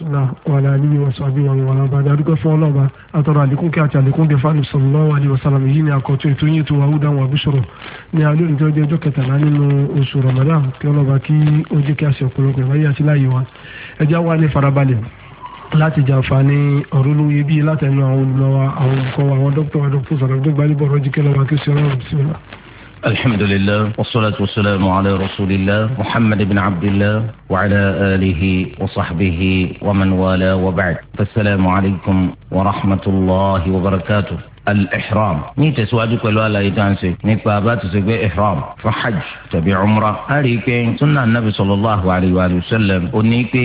bisimilah wàhálà aliyu wasaabi wa wàhálà bàdà adúgbò fún ọlọ́ọ̀bà àtọ̀rọ̀ àlékún kí àti àlékún dé fáànù sallallahu alaihi wasallam yìí ni àkọ́tún ètò yìí tó wà húdà wà búṣọ̀rọ̀ ní alẹ́ òní tó jẹ́ ọjọ́ kẹtàlá nínú oṣù ramadan kí ọlọ́ọ̀bà kí ó jẹ́ kí a ṣe ọ̀pọ̀lọpọ̀ ìwáyé àti láàyè wa ẹja wa ní farabalẹ̀ láti jàǹfààní ọ̀rọ̀ olóye bíi látẹnu àwọn olùlọ́wà àwọn olùkọ́ àwọn dókítà wa dókítà sọ̀rọ̀ gbẹ́gbẹ́ alẹ́ bọ̀rọ̀ jíkẹ́ lọ́wọ́ kí ó ṣe ọlọ́run bisimilah. الحمد لله والصلاة والسلام على رسول الله محمد بن عبد الله وعلى آله وصحبه ومن والاه وبعد فالسلام عليكم ورحمة الله وبركاته الإحرام ní tẹ̀síwájú pẹ̀lú àlàyé tá à ń ṣe nípa bá ti ṣe gbé ihram fún hajj tàbí umra a rí i pé sunna nabi sallallahu alayhi wa sallam ó ní pé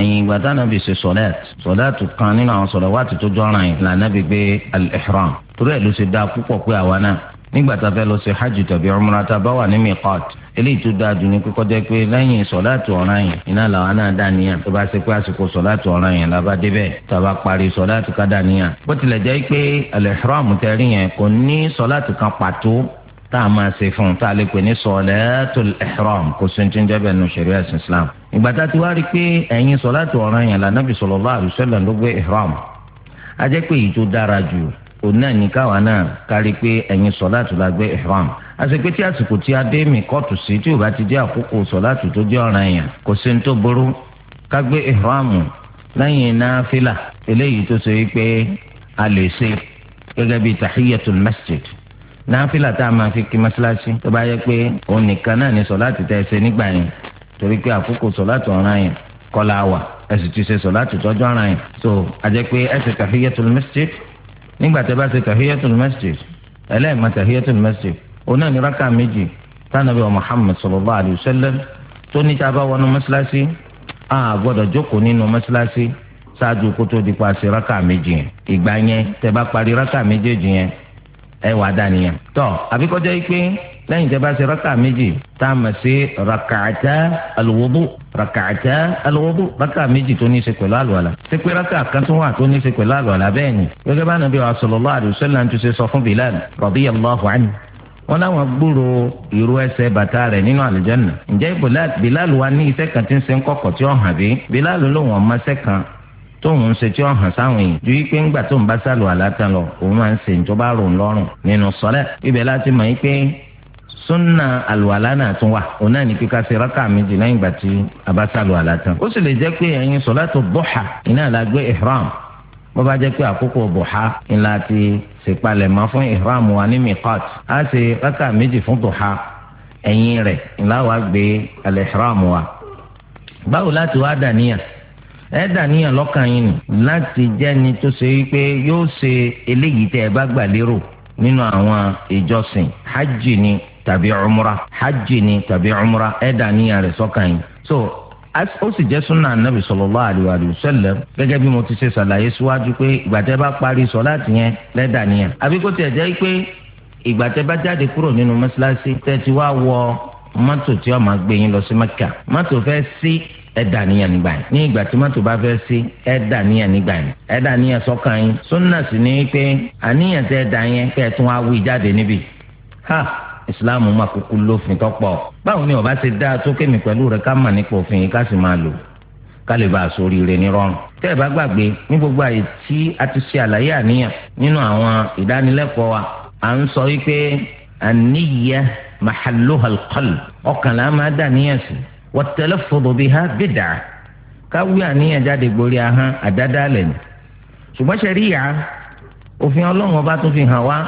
ẹ̀yìn ìgbà tá nàbì ṣe sọ̀lẹ́t sọ̀lẹ́t kan nínú àwọn sọ̀lẹ́wàtì tó jọ́ràn yìí là nàbì gbé al-ihram torí ẹ̀ ló ṣe dáa púpọ̀ pé àwa náà nígbà tá a fẹ́ lọ sí hajj tàbí umrah tá a bá wà ní miqat eléyìí tó dáa jù ní kókó jẹ́ pé lẹ́yìn sọ̀láàtù ọ̀ràn yẹn iná làwọn náà dà níyàn tó bá ṣe pé àsìkò sọ̀láàtù ọ̀ràn yẹn la bá débẹ̀ tá a bá parí sọ̀láàtù ká dà níyàn. bó tilẹ̀ jẹ́ pé al-ihram tẹ́rí yẹn kò ní sọ̀láàtù kan pàtó tá a máa ṣe fún un tá a lè pè ní sọ̀láàtul ihram kò sí ti ń jẹ́bẹ̀ nù ṣẹ̀ríà òun náà ní káwa náà kárí pé ẹ̀yin sọ̀láàtù la gbé ihram àṣepé tí àsìkò tí a dé mi kọ́ọ̀tù sí tí ò bá ti jẹ́ àkókò sọ̀láàtù tó jẹ́ ọ̀ranyàn kò sí ní tó burú ká gbé ihram lẹ́yìn náfìlà eléyìí tó ṣe wípé a lè ṣe gẹ́gẹ́ bíi tahiyatul masjid náfìlà tá a máa fi kí mọ́ṣáláṣí tó bá yẹ pé òun nìkan náà ní sọ̀láàtù tẹ́ ẹ ṣe nígbà yẹn torí pé àkókò sọ̀láàtù ọ̀ranyàn kọ́ la wà ẹ sì ti ṣe sọ̀láàtù tọ́jú ọ̀ranyàn so àjẹpé ẹ ṣe tahiyatul masjid nígbà tẹ́ bá ṣe tahiyatul masjid ẹlẹ́ẹ̀ma tahiyatul masjid òun náà ní rákà méjì tánàbí wa muhammed sallallahu alayhi wa sallam tó ní sábà wọnú mọ́ṣáláṣí a gbọ́dọ̀ jókòó nínú mọ́ṣáláṣí ṣáájú kó tó di pa ṣe rákà méjì yẹn ìgbà yẹn tẹ́ bá parí rákà méjèèjì yẹn ẹ wàá dá nìyẹn tó àbíkọ́jọ́ yìí pé lẹ́yìn tẹ́ bá ṣe rákà méjì tá a mọ̀ sí rakàtà alùwọ́dù rakàtà alùwọ́dù rákà méjì tó ní í ṣe pẹ̀lú àlùwàlà ṣé pé rákà kan tó wà tó ní í ṣe pẹ̀lú àlùwàlà bẹ́ẹ̀ ni gẹ́gẹ́ bá nàbí wa sallallahu alaihi wasallam tó ṣe sọ fún Bilal radiyallahu anhu wọn láwọn gbúrò irú ẹsẹ̀ bàtà rẹ̀ nínú àlùjánnà ǹjẹ́ Bilal wa ní iṣẹ́ kan tí ń ṣe ń kọ̀kọ̀ tí ó hàn bí Bilal lòun ọmọ iṣẹ́ tóun ń ṣe tí ó hàn sáwọn yìí ju wípé ńgbà tóun bá sálù àlátàn lọ òun máa ń ṣe ìjọba rò ń lọ́rùn nínú sọ́lẹ̀ ibẹ̀ láti mọ̀ yí sunna aluwala náà tún wà òun náà ní kíka ṣe raka méjì lẹ́yìn ìgbà tí a bá sá aluwala tán ó sì lè jẹ́ pé ẹ̀yin sọ̀látù duha iná la ihram bó bá jẹ́ pé àkókò duha ńlá ti ṣèpalẹ̀mọ́ fún ihram wa ní miqat á ṣe raka méjì fún duha ẹ̀yìn rẹ̀ ńlá wa gbé al-ihram wa báwo láti wá dàníyàn ẹ dàníyàn lọ́kàn yín ni láti jẹ́ni tó ṣe wípé yóò ṣe eléyìí tẹ́ ẹ bá gbà lérò nínú àwọn ìjọsìn hajj ni tàbí umra hajj ni tàbí umra ẹ dá níyà rẹ̀ yìí so ó sì jẹ́ súnà nàbì sallallahu alaihi wasallam gẹ́gẹ́ bí mo ti ṣe ṣàlàyé síwájú pé ìgbà tẹ́ bá parí sọ̀láàtì yẹn lẹ́dà níyà àbí kó tiẹ̀ jẹ́ pé ìgbà tẹ́ bá jáde kúrò nínú mọ́ṣáláṣí tẹ́ ti wá wọ mọ́tò tí ó máa gbé yín lọ sí Mẹ́kà mọ́tò fẹ́ sí ẹ̀dà níyàn nígbà yẹn ní ìgbà tí mọ́tò bá fẹ́ sí ẹ̀dà níyàn nígbà yẹn ẹ̀dà níyàn sọ́kàn yín súnà sì ní pé àníyàn tẹ́ ẹ̀dà yẹn kẹ́ ẹ̀ tún wá wí jáde níbí ìsìláàmù máa kúkú lófin tọ́pọ̀ báwo ni ọba ṣe dáa tó kémi pẹ̀lú rẹ ká mà nípa òfin yìí ká sì máa lò ká lè bá a sórí rẹ ní rọrùn. tẹ́ ẹ bá gbàgbé ní gbogbo àyè tí a ti ṣe àlàyé àníyàn nínú àwọn ìdánilẹ́kọ̀ọ́ wa à ń sọ wípé àníyẹ mahalóhal kọl ọkàn là máa dà níyàn sí wọ́tẹ́lẹ̀ fọdọ̀ bí ha bìdà káwé àníyàn jáde gborí ahọ́n àdádálẹ̀ ni ṣùgbọ́n ṣẹ̀ríyà òfin ọlọ́run ọba tún fi hàn wá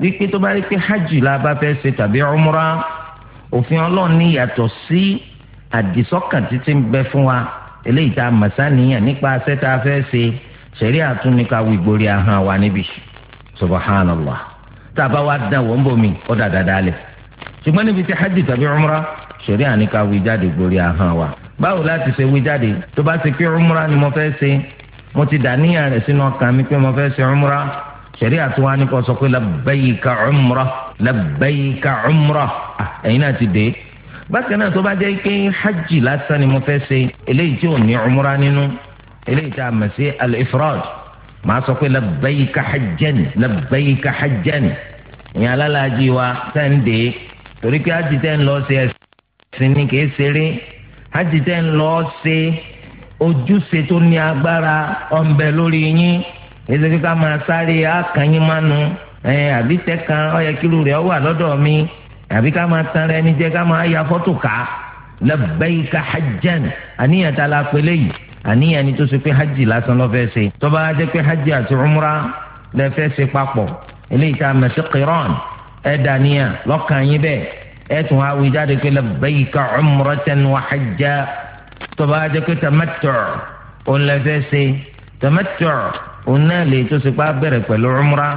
wípé tó bá rí pé hajj la bá fẹ́ ṣe tàbí umra òfin ọlọ́run ní yàtọ̀ sí àdìsọ́kàn títí ń bẹ fún wa eléyìí tá a mọ̀ sáníyàn nípa aṣẹ́ tá a fẹ́ ṣe ṣẹ̀rí àtúnika wígbórí ahọ́n wa níbi subhanallah tá a bá wá dán wọ́n bomi ó dà dáadáa lẹ̀ ṣùgbọ́n níbi tí hajj tàbí umra ṣẹ̀rí àníka wí jáde gbórí ahọ́n wa báwo láti ṣe wí jáde tó bá ṣe pé umra ni mo fẹ́ ṣe mo ti dà rẹ̀ sínú ọkàn mi pé mo fẹ́ ṣe umra sẹ̀rí àtiwá ni kò sọ pé labbaika umra labbaika umra ah, ẹ̀yin náà ti dé bákan náà tó bá jẹ́ pé hajj lásán ni mo fẹ́ ṣe eléyìí tí ò ní umra nínú eléyìí tá a mọ̀ sí al-ifrad màá sọ pé labbaika hajjan labbaika hajjan ìyẹn alálàájì wa tẹ́ ń dé torí pé hajj tẹ́ ń lọ sí ẹ̀sìn ni kì ṣeré hajj tẹ́ ń lọ sí ojúṣe tó ní agbára ọ̀nbẹ èsì bí ká máa sáré àkànyìn mánu àbí tẹ́kan ọ̀yẹ́ kílù rẹ̀ wà lọ́dọ̀ mi àbí ká máa tan ẹni jẹ́ ká máa ya fọ́tò ká labbaika hajjan àníyàn tá a la pélé yìí àníyàn ni tó ṣe pé hajj lásán lọ́ fẹ́ ṣe tó bá jẹ́ pé hajj àti umra lẹ́ fẹ́ ṣe papọ̀ eléyìí tá a mọ̀ sí qiran ẹ̀ dàníyàn lọ́kàn yín bẹ́ẹ̀ ẹ̀ tún wá wí jáde pé labbaika wa hajja tó bá jẹ́ pé tamattu' òun lẹ́ fẹ́ ṣe òun náà lè tó ṣe pé a bẹ̀rẹ̀ pẹ̀lú umra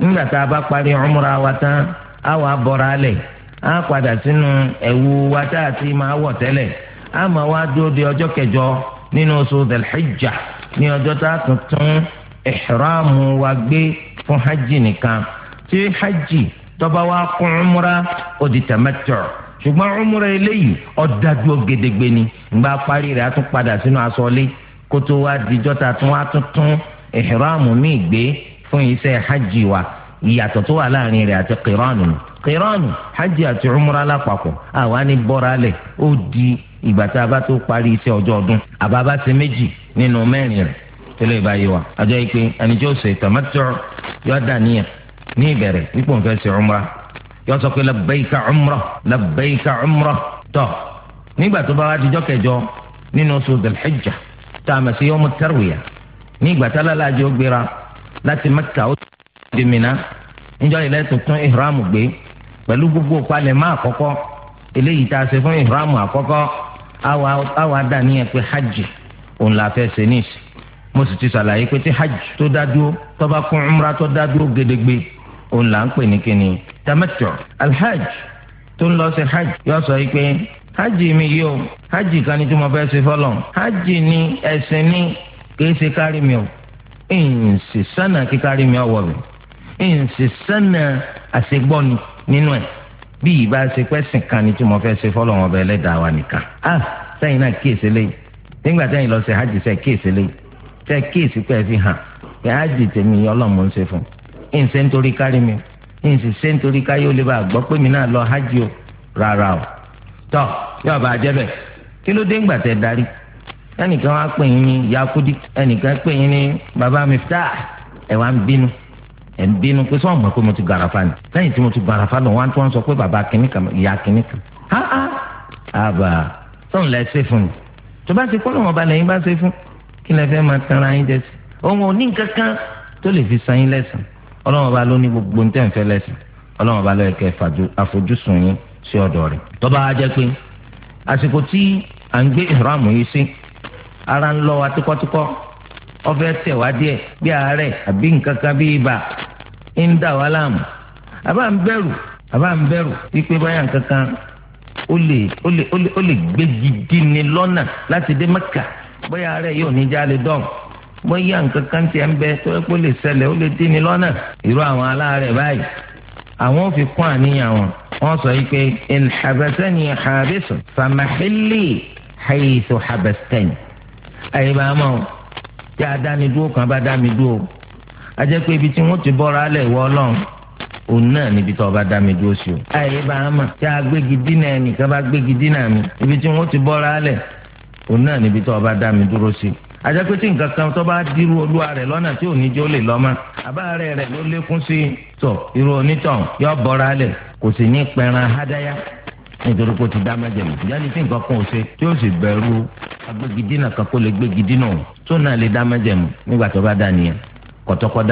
nígbà tá a bá parí umra wa tán a wà bọ́ra alẹ̀ a padà sínú wa tá a ti máa wọ̀ tẹ́lẹ̀ a máa wá dúró de ọjọ́ nínú oṣù ní tá a wa gbé fún hajj nìkan tí hajj tó wa kún umra ó di tamattu' ṣùgbọ́n umra eléyìí ọ̀dájú gédégbé ni ìgbà parí rẹ̀ a tún padà sínú kótó wa tún ìhìrámù míì gbé fún iṣẹ́ hajj wa ìyàtọ̀ tó wà láàrin rẹ̀ àti kìránù kìránù hajj àti umra lápapọ̀ àwa ní bọ́ra lẹ̀ ó di ìgbà tá a bá tó parí iṣẹ́ ọjọ́ ọdún àbá bá ṣe méjì nínú mẹ́rin rẹ̀ tẹ́lẹ̀ báyìí wa àjọ yìí pé ṣe tamattu yóò dà ní ìbẹ̀rẹ̀ ipò nfẹ́ ṣe umra yóò sọ pé labbaika umra labbaika umra tọ́ nígbà tó bá wá dijọ́ kẹjọ nínú oṣù Dhul Hijja tá a mọ̀ sí ní ìgbà tá lálàájọ gbéra láti mẹ́kà ó di Mínà níjọ́ ilẹ̀ tuntun ihram gbé pẹ̀lú gbogbo palẹ̀mọ́ àkọ́kọ́ eléyìí tá a ṣe fún ihram àkọ́kọ́ àwa dà níyẹn pé hajj òun la fẹ́ ṣe níìsì mo sì ti ṣàlàyé pé tí hajj tó dá dúró tó bá kún umra tó dá dúró gedegbe òun là ń pè ní kíni tamattu alhajj tó ń lọ sí hajj yóò sọ yìí pé hajj mi yìí o hajj kan ní tí mo fẹ́ ṣe fọlọ́ hajj ni ẹ̀sìn ni kìí ṣe kárí mi o ń ṣe sánà kí kárí mi ọwọ́ mi ń ṣe sánà àṣegbọ́ni nínú ẹ̀ bí ìbá ṣe pẹ́sìn kan ni tí mo fẹ́ ṣe fọ́lọ́ wọn bẹ́ẹ̀ lẹ́dàá wa nìkan á ah, sẹ́yìn náà kíyèsí léyìí nígbà sẹ́yìn lọ ṣe hajj sẹ́ kíyèsí léyìí sẹ́ kíyèsí pẹ́ fi hàn pé hajj tèmi ọlọ́mọ ń ṣe fún ń ṣe nítorí kárí mi ń ṣe ṣe nítorí káyé ó lè bá gbọ́ pé mi náà lọ hajj o rárá o tọ́ yóò bá jẹ́ bẹ́ẹ̀ kí ló dé ńgbà tẹ́ darí ẹnìkan wá pè yín ní yakudi ẹnìkan pè yín ní baba mifta ẹ wá ń bínú ẹ ń bínú pé sọ́ọ̀mù pé mo ti garafa ni lẹ́yìn tí mo ti garafa lọ wá tí wọ́n sọ pé baba kìnnì kan ya kìnnì kan ha ha aba tóun lẹ ṣe fún mi tó bá ti kọ́ lọ́wọ́ balẹ̀ yín bá ṣe fún kí lẹ fẹ́ máa tanra yín jẹ sí òun ò ní kankan tó lè fi san yín lẹ́sìn ọlọ́wọ́ bá ló ní gbogbo nítẹ̀ ń lẹ́sìn ọlọ́wọ́ bá lọ́ọ́ ara ń lọ wa tíkọ́tíkọ́ ọfẹ́ tẹ̀ wá díẹ̀ bí àárẹ̀ àbí nǹkan kan bí ibà ń dà wá láàmú àbá ń bẹ̀rù àbá ń bẹ̀rù wípé báyà nǹkan kan ó lè ó lè ó lè gbé gidi ni lọ́nà láti dé mẹ́kà bóyá àárẹ̀ yóò ní já lè dọ̀n bóyá nǹkan kan tiẹ̀ ń bẹ tó lè ṣẹlẹ̀ ó lè dín ni lọ́nà irú àwọn aláàárẹ̀ báyìí àwọn fi kún àníyàn wọn wọn sọ yìí pé in habasani habisun famahili haythu habastani ẹ̀yin bá mọ̀ tí a dá dúró kan bá dá mi dúró a ibi tí wọ́n ti alẹ̀ wọ́ ọlọ́run òun náà níbi tí wọ́n bá dá mi dúró sí o. ẹ̀yin bá tí a gbégi dínà ẹnìkan bá gbégi dínà mi ibi tí wọ́n ti alẹ̀ òun náà níbi tí wọ́n bá dá mi dúró sí o àjẹpẹ́tì nǹkan kan tó bá dirú olúwa rẹ̀ lọ́nà tí ò ní jó lè lọ́mọ yọ kò sì nítorí kó ti dá májẹ̀mú ìyáni tí nǹkan kan ò ṣe tí ó sì bẹ̀rù agbégidínà kan kó lè gbégidínà o tó náà lè dá májẹ̀mú nígbà tó bá dá nìyẹn kọtọkọ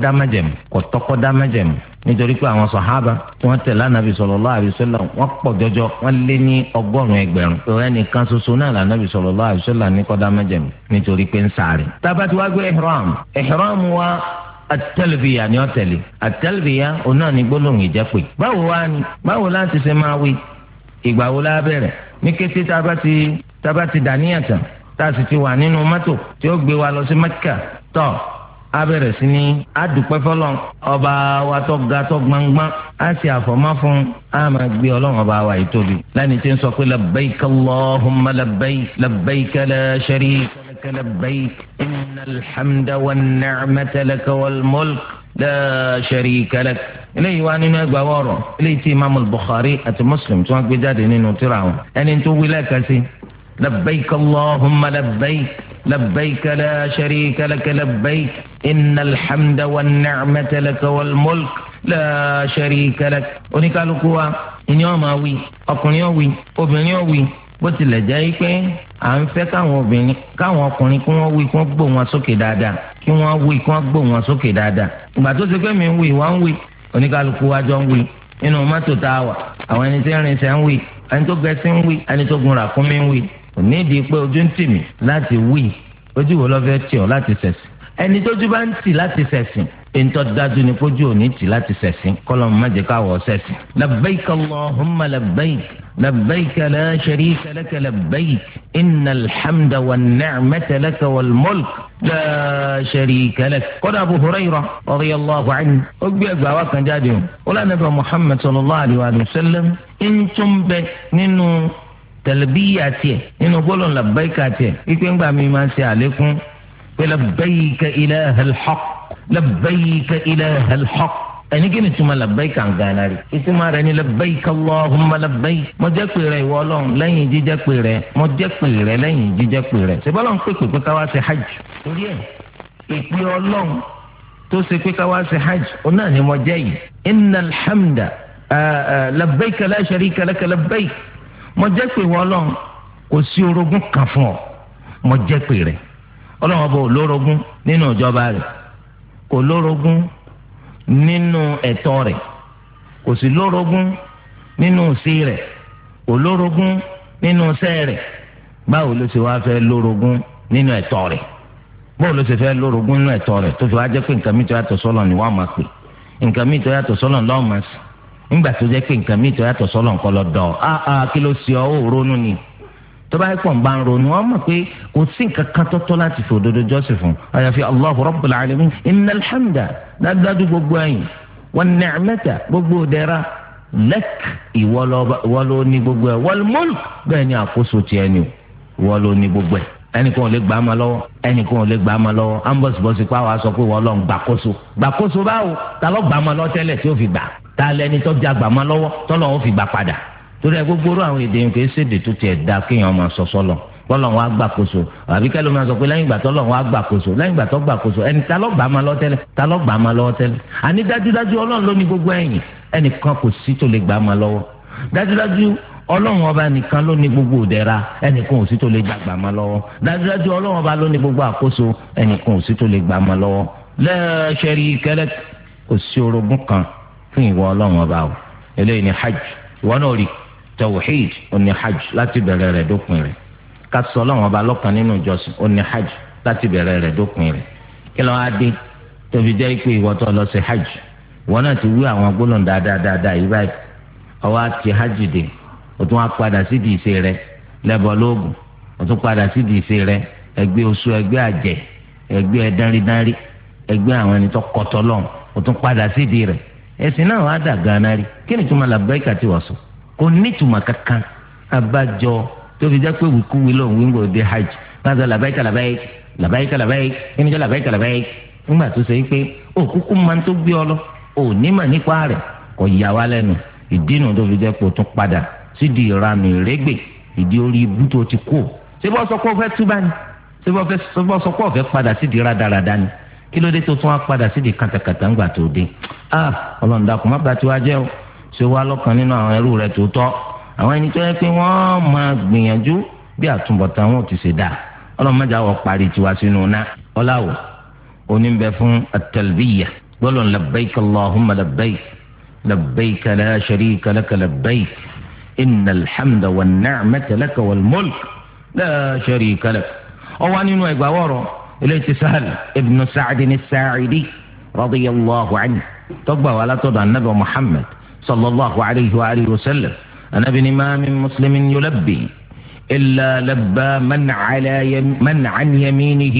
dá májẹ̀mú kọtọkọ dá májẹ̀mú nítorí pé àwọn sọ̀hábà tí wọ́n tẹ̀lé ànábì sallallahu alaihi wasallam wọ́n pọ̀ jọjọ wọ́n lé ní ọgọ́rùn-ún ẹgbẹ̀rún ìwé ẹnìkan ṣoṣo náà lànàbì sallallahu alaihi wasallam ní kọ́dá májẹ̀mú nítorí pé ń sáré. tábàtí wá gbé ihram ihram wa atẹ́lẹ̀bìyà ni wọ́n tẹ̀lé atẹ́lẹ̀bìyà òun náà ní gbólóhùn ìjẹ́pè. báwo wá ni báwo láti ṣe máa wí ìgbà wo la bẹ̀rẹ̀ ní kété tá a bá ti dà níyàtàn tá a sì ti wà nínú mọ́tò tí ó gbé wa lọ sí mẹ́kà tó a bẹ̀rẹ̀ sí ní adùpẹ́ fọlọ́ ọba wa tó ga tó gbangban a sì àfọ̀mọ́ fún a máa gbé ọlọ́run ọba wa yìí tóbi lẹ́ni tí ń sọ pé labbaik Allahumma labbaik labbaik la لبيك لبيك إن الحمد والنعمة لك والملك لا شريك لك إليه وأنا نقبل إليه إمام البخاري مسلم تونك بداده نينو ترعون يعني أن أنت ولاك لبيك اللهم لبيك لبيك لا شريك لك لبيك إن الحمد والنعمة لك والملك لا شريك لك ونقالوا قوة إن يوم أوي أكون يوي أبن يوي bó tilẹ̀ jẹ́ pé à ń fẹ́ káwọn obìnrin káwọn ọkùnrin kí wọ́n wí kí wọ́n gbó wọn sókè dáadáa kí wọ́n wí kí wọ́n gbó wọn sókè dáadáa ìgbà tó ti pé mi ń wí wọ́n ń wí oníkálukú wa jọ ń wí nínú mọ́tò tá a wà àwọn ẹni tí ń rinṣẹ́ ń wí ẹni tó gẹṣin ń wí ẹni tó gun ràkúnmí ń wí kò ní ìdí pé ojú ń tì mí láti wí ojú wo lọ́fẹ́ tì ọ́ láti ṣẹ̀sìn ẹni tójú bá ń tì láti ṣẹ̀sìn ntọ́ dájú ni kójú òní tì láti sɛsìn kọ́lọ́mù má jẹ́ káwọ́ sẹ̀sìn. labbaik allahumma labbaik labbaik la sharika laka labbaik inna alhamda wa ni'mata laka wal mulk la sharika lak. kódà abu hurayra radiyallahu anhu ó gbé ẹgbàá wa kan jáde o wọlé nafa muhammad sallallahu alaihi wa sallam tun bɛ nínú talbiya tiɛ nínú gbólóhùn labbaik tiẹ̀ ikú ń gbà mí máa ń ṣe àlékún pé labbaik ilaha alhaq labbaika ilaha al-haq ẹni kí ni tuma labbaika ń gana rẹ̀ ìtumọ̀ rẹ̀ ni labbaika allahumma labbaik mo jẹ́ pé rẹ̀ ìwọ ọlọ́run lẹ́yìn jíjẹ́ pé rẹ̀ mo jẹ́ pé rẹ̀ lẹ́yìn jíjẹ́ pé rẹ̀ ṣe bọ́lá ń pèpè pé káwá ṣe hajj torí ẹ̀ ìpè ọlọ́run tó ṣe pé káwá ṣe hajj òun náà ni mo jẹ́ yìí innal hamda labbaika la sharika labbaik mo jẹ́ pé ìwọ ọlọ́run kò sí orogún kan fún ọ mo jẹ́ pé rẹ̀ ọlọ́run ọba ò nínú ìjọba rẹ̀ kò lórogún nínú ẹ̀tọ́ rẹ̀ kò sí lórogún nínú sí rẹ̀ kò lórogún nínú sẹ́ rẹ̀ báwo ló ṣe wá fẹ́ lórogún nínú ẹ̀tọ́ rẹ̀ báwo ló ṣe fẹ́ lórogún nínú ẹ̀tọ́ rẹ̀ tó fi wá jẹ́ pé nǹkan mi tó yàtọ̀ sọ́lọ̀ ni wọ́n máa pè nǹkan mi tó yàtọ̀ sọ́lọ̀ lọ́ọ̀ máa sì nígbà tó jẹ́ pé nǹkan mi tó yàtọ̀ sọ́lọ̀ nǹkan lọ á á kí ló ṣe ọ́ òrónú ni tó bá pọ̀ ń bá ń ronú wọn mọ̀ pé kò sí nǹkan kan tọ́tọ́ láti fi òdodo jọ́sìn fún àyàfi allahu rabbul alamin inna alhamda dájú gbogbo ẹ̀yìn wọn ni'mata gbogbo dẹ́ra lẹ́k ìwọ ló ní gbogbo ẹ̀ wal mulk bẹ́ẹ̀ ni àkóso tiẹ̀ ni ìwọ ló ní gbogbo ẹ̀ ẹnìkan ò lè gbà á ma lọ́wọ́ ẹnìkan ò lè gbà á ma lọ́wọ́ ambọ̀sibọ̀sì pa wàá sọ pé wọ́n lọ gbàkóso gbàkóso báwo ta ló gbà á ma lọ tẹ́lẹ̀ tí ó fi gbà ta lẹni tó já gbà á ma lọ́wọ́ tọ́lọ́ ó fi gbà padà torí ẹ gbogbo orú àwọn èdè yìí kò ṣèdè tó tiẹ̀ da kéèyàn máa sọ sọ́lọ̀ kọ́lọ̀ wọn á gbàkóso àbí kẹ́lọ́ máa sọ pé lẹ́yìn ìgbà tó lọ́wọ́ á gbàkóso lẹ́yìn ìgbà tó gbàkóso ẹni ta lọ́gbà máa lọ tẹ́lẹ̀ ta lọ́gbà máa lọ́wọ́ tẹ́lẹ̀ àní dájúdájú ọlọ́run ló ní gbogbo ẹ̀yìn ẹnìkan kò sí tó lè gbà máa lọ́wọ́ dájúdájú ọlọ́run ọba nìkan ló ní gbogbo òdẹ́ra ẹnìkan ò sí tó lè gbàgbà máa lọ́wọ́ dájúdájú ọlọ́run ọba ló ní gbogbo àkóso ẹnìkan ò sí tó lè gbà máa lọ́wọ́ la sharika kò sí orogún kan fún ìwọ ọlọ́run ọba o eléyìí ni hajj ìwọ náà rí i tawhid oni hajj láti bẹ̀rẹ̀ rẹ̀ dópin rẹ̀ ká sọ Ọlọ́run ọba lọ́kan nínú ìjọsìn oní hajj láti bẹ̀rẹ̀ rẹ̀ dópin rẹ̀ kí ló wá dé tóbi jẹ́ pé ìwọ tó lọ sí hajj wọn náà ti wí àwọn gbólóhùn dáadáa dáadáa yìí báyìí ọwọ́ àti hajj dé o tún wá padà sídìí ìṣe rẹ lẹ́bọ̀ lóògùn o tún padà sídìí ìṣe rẹ ẹgbẹ́ oṣù ẹgbẹ́ àjẹ́ ẹgbẹ́ ẹ̀dánrídánrí ẹgbẹ́ àwọn ẹni tó kọ́tọ́ lọ́hùn o tún padà sídìí rẹ ẹ̀sìn náà wá dà gánà rí kí ni túmọ̀ làbẹ́ẹ̀kà ti wà sùn kò nítumọ̀ kankan abájọ tó fi jẹ́ pé wíkúwí lòun wíńgò dé hajj náà sọ làbáyíkà làbáyíkà làbáyíkà làbáyíkà ẹnìjọ́ làbáyíkà làbáyíkà nígbà tó ṣe pé òkúkú máa ń tó gbé ọ lọ onímọ̀ nípa rẹ̀ kò yà wá lẹ́nu ìdínà tó fi jẹ́ pé o tún padà sídìí ìranù ìrẹ́gbẹ̀ ìdí orí ibú tó ti kú o bọ́ sọ pé o fẹ́ túbà ni ṣé bọ́ sọ pé o fẹ́ padà sídìí rádaràda ni kí ló dé tó tún wá padà sídìí kàtàkàtà ńgbà tó dé ah ọlọ́run dàkú má bàtí wá jẹ́ o ṣe wá lọ́kàn nínú àwọn ẹrú rẹ̀ tó tọ́ àwọn ẹni tó yẹ pé wọ́n máa gbìyànjú bí àtúbọ̀tán wọn ò ti ṣe dà ọlọ́mọdé àwọ̀ parí tiwa sínú ná ọláwọ̀ oníbẹ̀ fún at-talbiyya gbọ́dọ̀ labbaik allahumma labbaik labbaik la sharika laka labbaik innal hamda wan ni'mata laka wal mulk la صلى الله عليه وآله وسلم أنا بن ما من مسلم يلبي إلا لبى من على يم من عن يمينه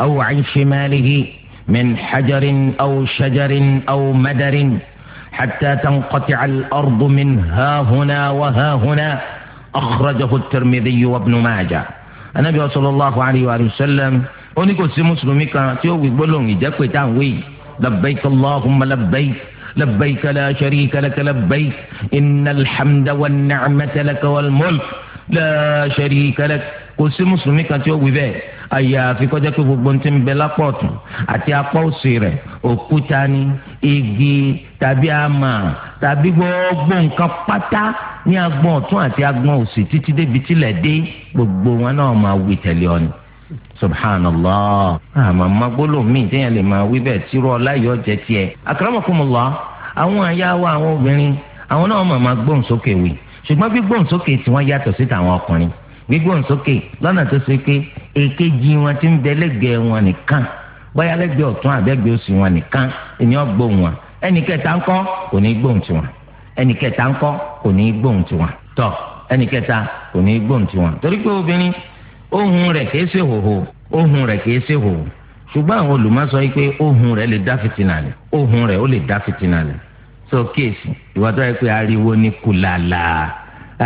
أو عن شماله من حجر أو شجر أو مدر حتى تنقطع الأرض من ها هنا وها هنا أخرجه الترمذي وابن ماجه النبي صلى الله عليه وآله وسلم ونقول سي مسلمي كان تيوي kan tí ó لبيك اللهم لبيك لبيك لا شريك لك لبيك إن الحمد والنعمة لك والملك لا شريك لك kò sí mùsùlùmí kan tí ó wí bẹ́ẹ̀ àyàfi kọjá pé gbogbo ti ń bẹ lápá ọ̀tún àti apá òsì rẹ̀ òkúta ni igi tàbí àmà tàbí gbogbo nǹkan pátá ní agbọ̀n ọ̀tún àti agbọ̀n òsì títí débi tilẹ̀ dé gbogbo wọn náà máa wí tẹ̀lé ọ ni. subhanallah àmọ́ magbolo mi téèyàn lè máa wí bẹ́ẹ̀ tírú ọláyọ̀ jẹ́ tiẹ̀ akramakumullah àwọn àyà wa àwọn obìnrin àwọn náà máa máa gbóhùn sókè wì ṣùgbọ́n gbígbóhùn sókè tí wọ́n yàtọ̀ síta àwọn ọkùnrin gbígbóhùn sókè lọ́nà tó ṣe wọn ti ń bẹ lẹ́gbẹ̀ẹ́ wọn nìkan bóyá lẹ́gbẹ̀ẹ́ ọ̀tún àbẹ́gbẹ̀ẹ́ òsì wọn nìkan ènìyàn gbóhùn wọn ńkọ́ kò ní gbóhùn tiwọn ohùn rẹ̀ kìí ṣe hòhò ohùn rẹ̀ kìí ṣe hòhò ṣùgbọ́n àwọn olùmọ̀sọ yìí pé ohùn rẹ̀ lè dá fìtìnà lẹ̀ ohùn rẹ̀ ó lè dá fìtìnà lẹ̀ so kéèsì ìwà tó yẹ pé ariwo ni kùlàlà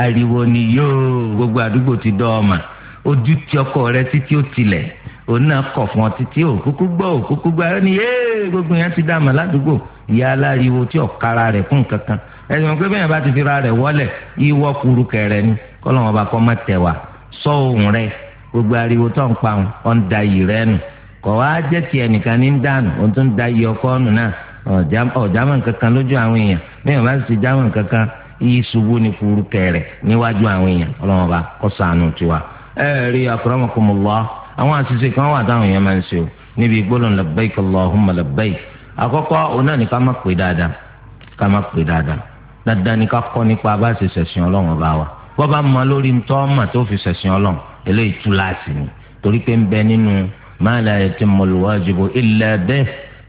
ariwo ni yóò gbogbo àdúgbò ti dọ́ ọmọ ojú ti ọkọ rẹ títí ó tilẹ̀ òun náà kọ̀ fún ọ títí òkúkú gbọ́ òkúkú gbọ́ ẹ ní yéé gbogbo yẹn ti dààmú ládùúgbò ìyá aláriwo tí ọ̀kara rẹ̀ fún kankan ẹ̀sìn wọn pé bẹ́ẹ̀ bá ti fi rẹ̀ wọlé ìwọ́ kuru kẹrẹ ni kọ́lọ́wọ́n kọ́ má tẹ̀ wá sọ ohùn rẹ̀ gbogbo ariwo tó ń pa wọn ọ̀ ń da yìí rẹ nù kọ̀ wá jẹ́ ti ẹnìkan ní dànù ó tún da yìí ọkọ nù náà ọ̀jàmọ̀ kankan lójú àwọn èèyàn bẹ́ẹ̀ bá sì jámọ̀ kankan iye ṣubú ni kúrú kẹrẹ níwájú àwọn èèyàn ọlọ́wọ́n bá kọ́ sànù tiwa. ẹ rí akramakumullah àwọn àṣìṣe kan wà táwọn èèyàn máa ń ṣe o níbi gbólóhùn labbaik allahumma labbaik àkọ́kọ́ òun náà ni ká má pè dáadáa ká má pè dáadáa dáadáa ní ká kọ́ nípa bá ṣe ṣẹ̀sìn ọlọ́wọ́n bá wa bọ́ bá mọ lórí ntọ́ mà tó fi ṣẹ̀sìn ọlọ́wọ́n eléyìí túláàsì ni torí pé ń bẹ nínú ma la yatimmul wajibu illa bihi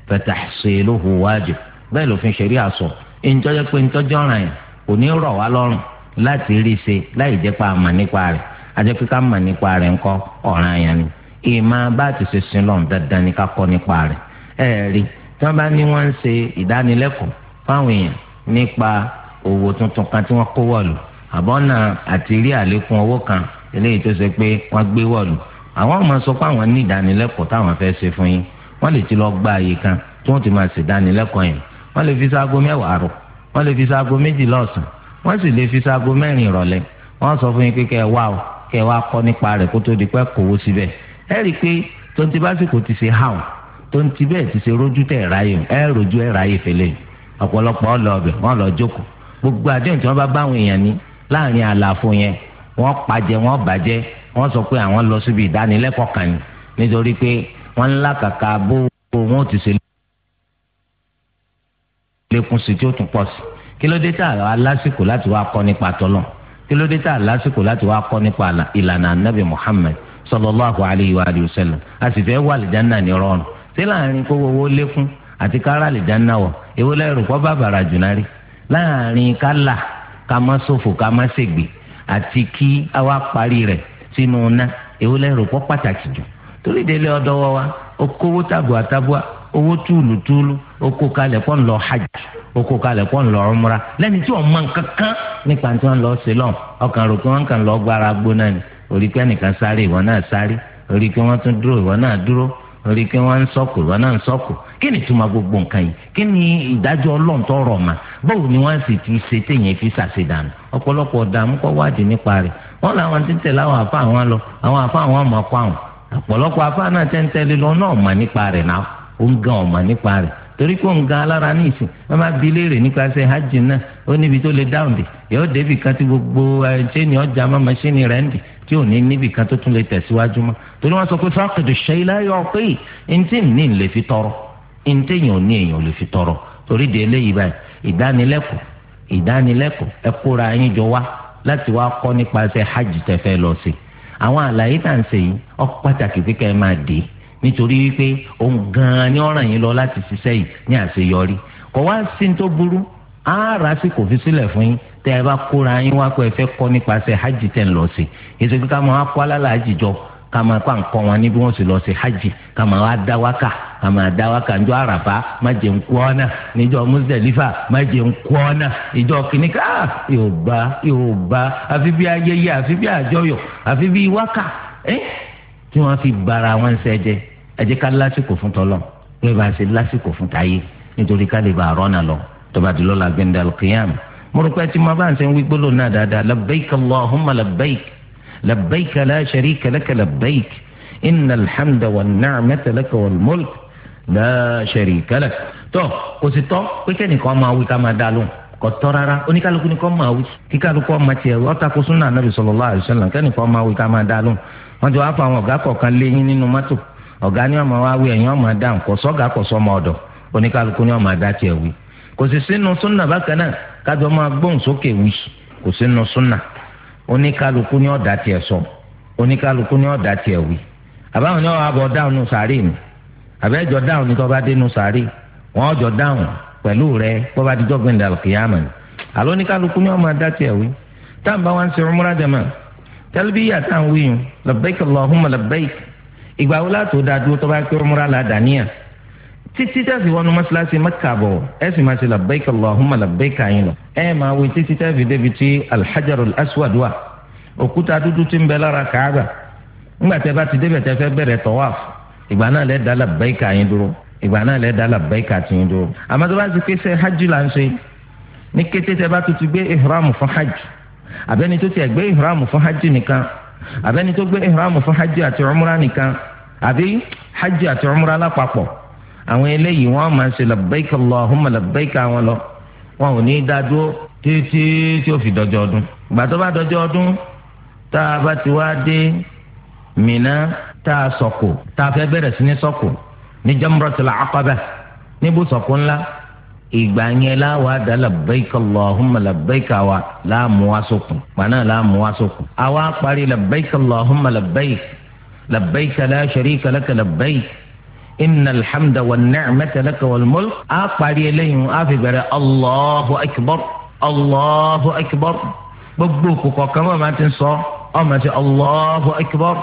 fatahsiluhu wajib bẹ́ẹ̀ lófin ṣẹ̀rí àṣọ ìjọyẹ pé ntọ́jọ́ ràn yẹn kò ní rọ̀ wá lọ́rùn láti rí i ṣe láì jẹ́ pa àmà nípa rẹ̀ ajẹ́ pé ká mà nípa rẹ̀ ńkọ́ ọ̀ràn yẹn ni ìmọ̀ bá ti ṣe sin lọ́n dandan ni ká kọ́ nípa rẹ̀ ẹ̀ rí tí wọ́n bá ní wọ́n ń ṣe ìdánilẹ́kọ̀ọ́ fáwọn eléyìí tó ṣe pé wọ́n gbé wọ̀lú àwọn máa sọ pé àwọn ní ìdánilẹ́kọ̀ọ́ táwọn fẹ́ ṣe fún yín wọ́n lè ti lọ gba àyè kan tí wọ́n ti máa ṣe ìdánilẹ́kọ̀ọ́ yẹn wọ́n lè fi sáago mẹ́wàá rọ̀ wọ́n lè fi sáago méjì lọ́sàn wọ́n sì lè fi sáago mẹ́rin ìrọ̀lẹ́ wọ́n sọ fún yín pé kẹ́ wá o kẹ́ wá kọ́ nípa rẹ̀ kó tó di pẹ́ kówó síbẹ̀ ẹ rí i pé tó ń ti básìkò ti ṣe hàn tó ń ti bẹ́ẹ̀ ti ṣe rójú tẹ̀ ráyè ẹ rójú ẹ ráyè fẹlẹ́ ọ̀pọ̀lọpọ̀ ọlọ́ọ̀bẹ̀ wọ́n lọ jókòó gbogbo àdéhùn tí wọ́n bá báwọn èèyàn ní láàrin àlàfo yẹn wọ́n pàjẹ́ wọ́n bàjẹ́ wọ́n sọ pé àwọn lọ síbi ìdánilẹ́kọ̀ọ́ kan nítorí pé wọ́n ńlá kàkà bó wọn ti ṣe lékun sí tí ó tún pọ̀ sí kí ló dé tá a lásìkò láti wá kọ́ nípa tọ́lọ̀ kí ló dé tá a lásìkò láti wá nípa ìlànà anabi Muhammad alayhi wa sallam a sì fẹ́ wà lìjánà ní rọrùn sí láàrin kó owó lékún àti kára lìjánà wọ̀ èwo bàbàrà àti kí a wá parí rẹ̀ sínú ná èwo lẹ́rù pọ́ pàtàkì jù torí délé ọdọwọ wa owó túùlù túùlù kalẹ̀ hajj ó kalẹ̀ lẹ́ni tí wọ́n mọ kankan nípa tí wọ́n lọ sí lọ́n ọkàn rò pé wọ́n kàn lọ gbára gbóná ni orí pé ẹnìkan sáré ìwọ náà sáré orí pé kí ni túmọ̀ gbogbo nǹkan yìí kí ni ìdájọ́ ọlọ́run tó rọ̀ báwo ni wọ́n sì ti ṣe téèyàn fi ọ̀pọ̀lọpọ̀ kọ́ wádìí nípa rẹ̀ wọ́n ti tẹ̀lé àwọn àfa àwọn lọ àwọn àfa àwọn àmọ́ kọ́ àwọn ọ̀pọ̀lọpọ̀ náà tẹ́ ń lọ náà mà nípa rẹ̀ náà ó ń gan ọ̀mà nípa rẹ̀ torí pé gan alára ní ìsìn bi léèrè nípa ṣe hajj náà ó níbi tó dáhùn dè yóò kan ọjà máa ń dì tí ò ní kan tó tún ntẹ̀yìn ò ní èèyàn ò lè fi tọrọ torí de eléyìí báyìí ìdánilẹ́kọ̀ọ́ ìdánilẹ́kọ̀ọ́ ẹ kóra yín jọ wá láti wá kọ́ nípasẹ̀ hajj tẹ́fẹ́ lọ sí àwọn àlàyé tá à ń ṣe yìí ọ pàtàkì pé ẹ máa dé nítorí wípé òun gan-an ni ọ̀ràn yín lọ láti ṣiṣẹ́ yìí ní àṣeyọrí kò wá sí ní tó burú àárá sì kò fi sílẹ̀ fún yín tẹ́ ẹ bá kóra yín wá pé ẹ fẹ́ kọ́ nípasẹ̀ hajj tẹ́ ń lọ sí ètò ìpínká máa kọ́ alálàájì jọ ká máa pa nǹkan wọn ní wọ́n sì lọ sí hajj ká máa wá dá wákà àmọ́ àdáwà kànjọ́ àràfà má jẹ́ ń kú ọ́nà níjọ́ mùsùlùmífà má jẹ́ ń kú ọ́nà ìjọ kìíní ká yóò bá yóò bá àfi bí ayẹyẹ àfi bí àjọyọ̀ àfi bí wákà ẹ́ tí wọ́n fi bara wọn ṣẹ́jẹ́ ẹ jẹ́ ká lásìkò fún tọ́lọ̀ pé bá a ṣe lásìkò fún táyé nítorí ká lè bá a rọ́nà lọ tọ́ba dùlọ́ la gbẹ̀ndà kìíyàm mọ̀rọ̀kọ́ tí ma bá ń sẹ́ wí gbólóhùn náà dáadáa labbaik allahumma labbaik labbaik la sharika laka inna alhamda wa na'mata laka wal la sharika lak tó kò sì tọ́ pé kẹ́nìkan máa wí ká máa dá lóhùn kò tọ́ rárá oníkálukú ni máa wí kí ọmọ tiẹ̀ ọ̀tá kó súnà kẹ́nìkan máa wí ká máa dá lóhùn wọ́n ti wá àwọn ọ̀gá kọ̀ọ̀kan léyìn nínú mọ́tò ọ̀gá ni wọ́n máa ẹ̀yìn sọ́gà kò sọ́mọ ọ̀dọ̀ ni wọ́n máa dá tiẹ̀ wí kò sì sínú àbẹ́jọ dáhùn ní tọ́ba dénú sàárì wọ́n jọ dáhùn pẹ̀lú rẹ bọ́ba díjọ́ gbẹ̀ndà kìyàmà ni àlọ́ ní kálukú ni wọ́n máa dá tiẹ̀ wí táǹbà wa ń ṣe umrah jama talbiya táwọn wíyùn labbaik allahumma labbaik ìgbà wo láti ó dáa dúró tọ́ba pé umrah la dàníyà títí tẹ́sí wọnú mọ́ṣáláṣí mẹ́kà bọ̀ ẹ sì máa ṣe labbaik allahumma labbaik àyìn lọ ẹ máa wí títí tẹ́sí débi tí alhajarul aswad òkúta dúdú ti ń bẹ lára kàába ńgbà tẹ́ bá ti débẹ̀ tẹ́ fẹ́ bẹ̀rẹ̀ tọ́wáfù ìgbà náà lẹ́ẹ̀ dá làbẹ́ẹ̀kà yín dúró ìgbà náà lẹ́ẹ̀ dá làbẹ́ẹ̀kà tí yín dúró. àmọ́ tó bá ti pèsè hajj là ń ṣe ní kété tẹ bá tuntun gbé ihram fún hajj àbẹ́ni tó tiẹ̀ gbé ihram fún hajj nìkan àbẹ́ni tó gbé ihram fún hajj àti umra nìkan àbí hajj àti umra lápapọ̀ àwọn eléyìí wọ́n máa ń ṣe labbaik allahumma labbaik àwọn lọ wọn ò ní í dá dúró títí tí ó fi dọjọ́ ọdún ìgbà tó bá dọjọ́ ọdún tá a bá ti wá dé Mina tá a sọ̀kò tá a fẹ́ bẹ̀rẹ̀ sí ní sọ̀kò ní jamratul aqaba níbùsọ̀kò ńlá ìgbà yẹn láwa dá labbaika allahumma labbaika wa láàmú wa sókun gbaná láàmú wa sókun àwa parí labbaika allahumma labbaika labbaika la sharika laka labbaika inna alhamda wa ni'mata laka wal mulk a parí eléyìí a fi bẹ̀rẹ̀ allahu akbar allahu akbar gbogbo kòkò kan wà máa ti sọ ọ máa ti allahu akbar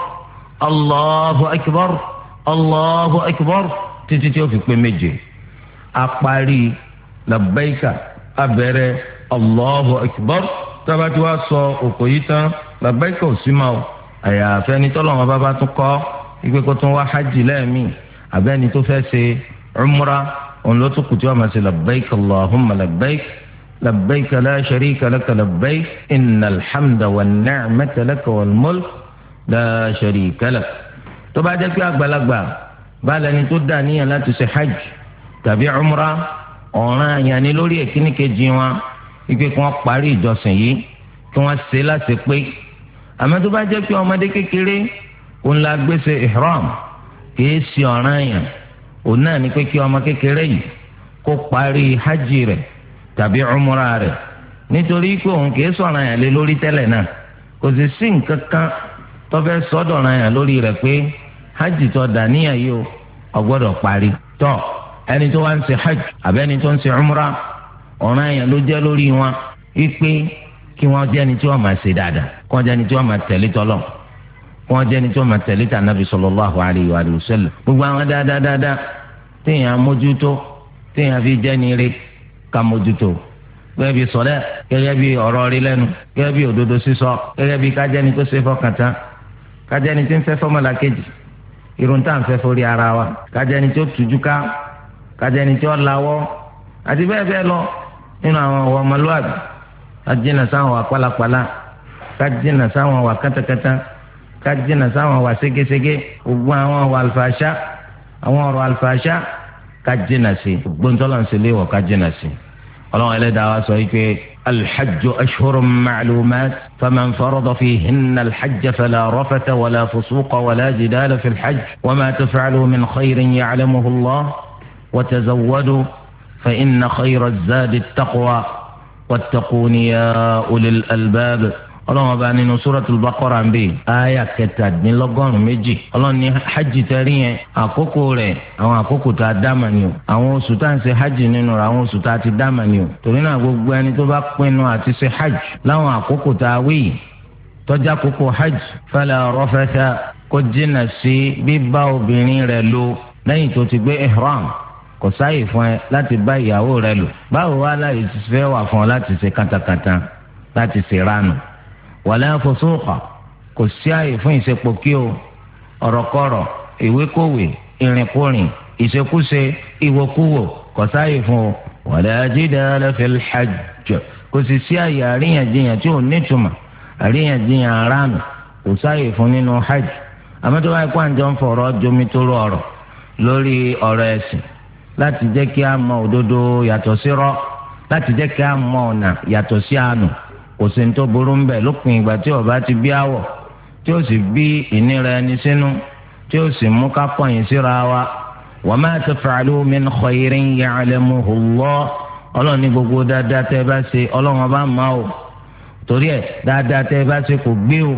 allahu akbar allahu akbar títí tí ó fi pé méje apárí labbaika abẹ́rẹ́ allahu akbar tábàtí wàá sọ òkò yìí tán labbaika ò sí máa àyàfẹ́ ni tọ́lọ́mọ bá bá tún kọ́ ìgbé kó tún wá hajj lẹ́ẹ̀mí abẹ́ni tó fẹ́ ṣe umra òun ló tún kù tí wọ́n máa ṣe labbaik allahumma labbaik labbaik la sharika laka labbaik innal hamda wan ni'mata laka wal mulk la sharika lah tó bá jẹ́ pé àgbàlagbà bá lẹni tó dá níyàn láti ṣe hajj tàbí umra ọ̀ràn àyàn ni lórí ẹ̀kíní kejì wọn ipe kí wọ́n parí ìjọsìn yìí kí wọ́n ṣe láti pé àmọ́ tó bá jẹ́ pé ọmọdé kékeré òun la gbèsè ihram kìí ṣe ọ̀ràn àyàn òun náà ni pé kí ọmọ kékeré yìí kó parí hajj rẹ̀ tàbí umra rẹ̀ nítorí pé òun kìí ṣọ̀ràn àyàn lé lórí tẹ́lẹ̀ náà kò sì sí nǹkan kan tọ́fẹ́ sọ́dọ̀ràn yàn lórí rẹ̀ pé hajj tó dàníyà yìí o ọgbọ́dọ̀ parí tọ́ ẹni tó wá ń ṣe hajj àbẹ́ni tó ń ṣe umra ọ̀ràn yàn ló jẹ́ lórí wọn wípé kí wọ́n jẹ́ ẹni tí wọ́n máa ṣe dáadáa kí wọ́n jẹ́ ẹni tí wọ́n máa tẹ̀lé tọ́lọ̀ kí wọ́n jẹ́ ẹni tí wọ́n máa tẹ̀lé tànàbí sallallahu alaihi wa sallam gbogbo àwọn dáadáa dáadáa téèyàn mójútó téèyàn fi jẹ́ ni ire ká mójútó gẹ́gẹ́ bí sọ́lẹ̀ gẹ́gẹ́ bí ọ̀rọ̀ rí lẹ́nu gẹ́gẹ́ bí òdodo sísọ gẹ́gẹ́ bí kájẹ́ni tó ṣe fọkàn kájẹ́ ni tí ń fẹ́ fọ́mọ́lá kejì irun tá à ń fẹ́ forí ara wa kájẹ́ ni tí ó tujú ká kájẹ́ ni tí ó lawọ́ àti bẹ́ẹ̀ bẹ́ẹ̀ lọ nínú àwọn ọ̀wọ́ ọmọlúwàbí kájínà sáwọn wà pálapàla kájínà sáwọn wà kátàkátà kájínà sáwọn wà ségesège gbogbo àwọn wà àlùfàṣà àwọn ọ̀rọ̀ àlùfàṣà kájínà sí gbóńtọ́lá ń ṣe léwọ̀ kájínà sí ọlọ́run ẹlẹ́dàá wa sọ yìí pé. الحج أشهر معلومات فمن فرض فيهن الحج فلا رفث ولا فسوق ولا جدال في الحج وما تفعلوا من خير يعلمه الله وتزودوا فإن خير الزاد التقوى واتقون يا أولي الألباب ọlọ́run ọba nínú suratul baqara ń bè áyà kẹtàdínlọ́gọ́rùn-ún méjì ọlọ́run ní hajj tẹ́rí yẹn àkókò rẹ̀ àwọn àkókò tá a dáàmà ni o àwọn oṣù tá à ń ṣe hajj nínú rẹ̀ àwọn oṣù tá a ti dáàmà ni o torí náà gbogbo ẹni tó bá pinnu àti ṣe hajj láwọn àkókò tá a wí yìí tọ́jà àkókò hajj fala rafatha kó jìnnà sí bíbá obìnrin rẹ̀ lò lẹ́yìn tó ti gbé ihram kò sáàyè fún ẹ láti bá ìyàwó rẹ lò báwo wá láyè ti fẹ́ wà fún ọ láti ṣe kàtàkàtà láti ṣe ránù wala fusuqa kò sí àyè fún ìṣepò kí o ọ̀rọ̀kọ̀rọ̀ ìwékòwé ìrìnkúrìn ìṣekúṣe ìwòkúwò kò sáyè fún o wala jidala fil hajj kò sì sí àyè àríyànjiyàn tí ò nítumọ̀ àríyànjiyàn aráàmì kò sáyè fún nínú hajj àmọ́tọ́wá ẹ̀kọ́ àjọ ń fọ̀rọ̀ jomitoro ọ̀rọ̀ lórí ọ̀rọ̀ ẹ̀sìn láti jẹ́ kí a mọ òdodo yàtọ̀ sí rọ́ láti jẹ́ kí a mọ ọ̀nà yàtọ̀ sí àánú kò sí ní tó burú ń bẹ̀ lópin ìgbà tí ó bá ti bí àwọ̀ tí ó sì bí ìnira ẹni sínú tí ó sì mú ká kọ̀yìn síra wa wa ma taf'alu min khayrin ya'lamuhu Allah ọlọ́ọ̀ni gbogbo dáadáa tẹ́ bá ṣe ọlọ́run ọba máa o torí ẹ̀ dáadáa tẹ́ bá ṣe kò gbé o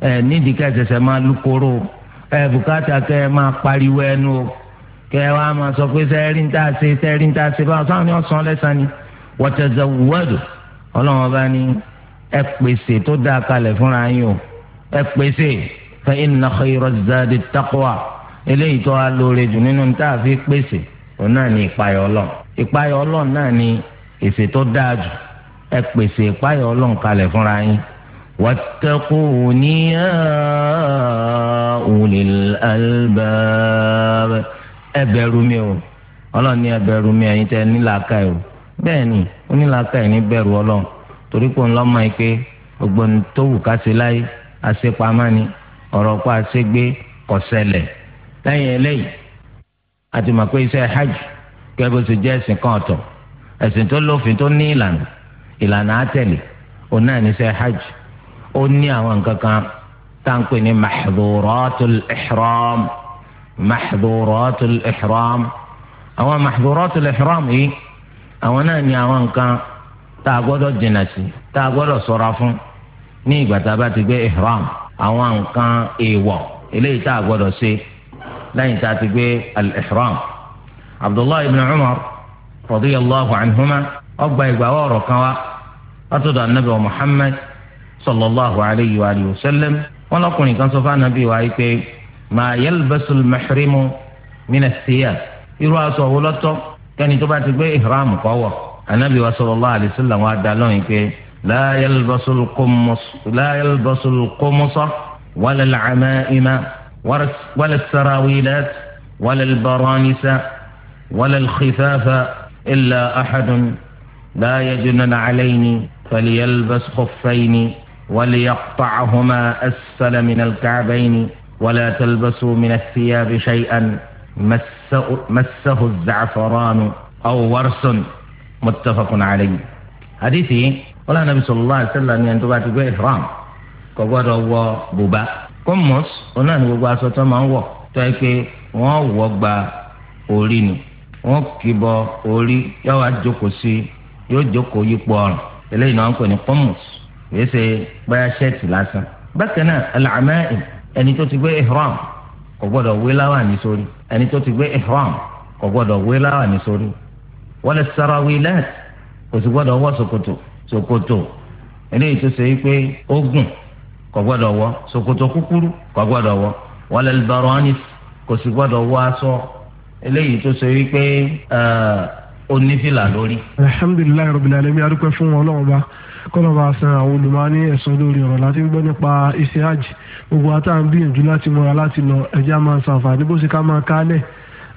ẹ nídìí ká ṣẹ̀ṣẹ̀ máa lukoro ẹ bùkátà kẹ́ ẹ máa pariwo ẹnu o kẹ́ ẹ wá máa sọ pé sẹ́ẹ̀rì ń tà ṣe sẹ́ẹ̀rì ń tà ṣe báwọn sáwọn ni wọ́n sọ lẹ́sàn-án ni wa tazawwadu ọlọ́run ọba ni ẹ pèsè tó dáa kalẹ̀ fúnra yín o ẹ pèsè fa inna khayra zadi taqwa eléyìí tó a lóore jù nínú tá a fi pèsè òun náà ní ìpayọ Ọlọ́run ìpayọ Ọlọ́run náà ní èsè tó dáa jù ẹ ìpayọ Ọlọ́run kalẹ̀ fúnra yín wattaquni ya ulil albab ẹ bẹ̀rù mi o Ọlọ́run ní ẹ bẹ̀rù mi ẹ̀yin tẹ́ nílàákàyè o bẹ́ẹ̀ ni onílàákàyè ní torí pé ńlọ mọ̀ pé gbogbo ní tó wù ká ṣe láyé àṣepamọ́ ni ọ̀rọ̀ pa àṣegbé kò ṣẹlẹ̀ lẹ́yìn eléyìí àti mọ̀ pé iṣẹ́ hajj gẹ́gẹ́ bó ṣe jẹ́ ẹ̀sìn kan ọ̀tọ̀ ẹ̀sìn tó lófin tó ní ìlànà ìlànà àtẹ̀lé òun náà ní iṣẹ́ hajj ó ní àwọn nǹkan kan tá ní mahdhuratul ihram mahdhuratul ihram àwọn mahdhuratul ihram yìí àwọn náà ní àwọn nǹkan tá a gbọ́dọ̀ jìnnà sí tá a gbọ́dọ̀ ṣọ́ra fún ní ìgbà tá a bá ti gbé ihram àwọn nǹkan èèwọ̀ eléyìí tá a gbọ́dọ̀ ṣe lẹ́yìn tá a ti gbé al-ihram abdullahi ibn umar radiyallahu anhuma ọgbà ìgbà ọ̀rọ̀ kan wa látọ̀dọ̀ anabi wa muhammad sallallahu alayhi wa sallam wọn lọkùnrin kan sọ fún anabi wa yìí ma yalbasu al-mahrimu min as irú aṣọ wo lọ́tọ̀ tó bá ti gbé ihram kó wọ̀. anabi wa sallallahu alayhi wa sallam wa dá lóhùn pé la yalbasul qumus la yalbasul qumusa wala al wala as-sarawilat wala al-baranisa wala al-khifafa illa ahadun لا يجنن عليني فليلبس خفين وليقطعهما أسفل من الكعبين ولا تلبسوا من الثياب شيئا مسه, مسه الزعفران أو ورس muttafaqun alayhi hadithi wala nabi sallallahu alayhi wa sallam ní ẹni tó bá ti gbé ihram kò gbọ́dọ̀ wọ bùbá kọmọs ọ̀nà ni gbogbo aṣọ tó máa ń wọ̀ tó yẹ pé wọ́n wọ̀ gba orí ni wọ́n kì bọ orí yóò wá jókòó sí yóò jókòó yípo ọrùn eléyìí náà ń pè ní kọmọs kìí ṣe báyà ṣẹ́ẹ̀tì lásán bákan náà al-amā'im ẹni tó ti gbé ihram kò gbọ́dọ̀ wé láwàní sórí ẹni tó ti gbé ihram kò gbọ́dọ̀ wé láwàní sórí wala sarawilat kò sì gbọ́dọ̀ wọ ṣòkòtò ṣòkòtò eléyìí tó ṣe yí pé ó gùn kò gbọ́dọ̀ wọ ṣòkòtò kúkúrú kò gbọ́dọ̀ wọ wala albaranis kò sì gbọ́dọ̀ wọ aṣọ eléyìí tó ṣe yí pé onífìlà lórí. alhamdulilayi rabbil alamin adúpẹ́ fún Ọlọ́run ba kọ́nà bá san àwọn olùmọ̀ọ́ni ẹ̀sán lórí ọ̀rọ̀ láti ń gbọ́ nípa iṣẹ́ àjì gbogbo ata ń gbìyànjú láti mọ̀ra láti lọ ẹ̀já máa ṣàǹfààní bó ṣe ká máa kálẹ̀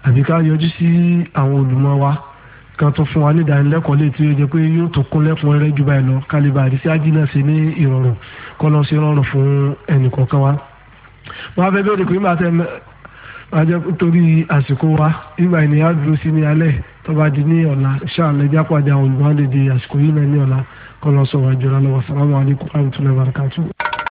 àbí ká yọjú sí àwọn olùmọ̀ wa kan tó fún wa ní ìdánilẹ́kọ̀ọ́ lè tí ó jẹ́ pé yóò tó kún lẹ́kùn rẹ́ jù báyìí lọ kálíbà àdìsí ájínà sí ní ìrọ̀rùn kọ́ lọ sí rọrùn fún ẹnìkọ̀ọ̀kan wa. wọ́n á fẹ́ bẹ̀rẹ̀ pé nígbà tẹ́ máa jẹ́ torí àsìkò wa nígbà ìní á dúró sí ní alẹ́ tó di ní ọ̀la ṣáàlẹ̀ jápàdé àwọn olùwádìí àsìkò yìí náà ní ọ̀la kọ́ lọ sọ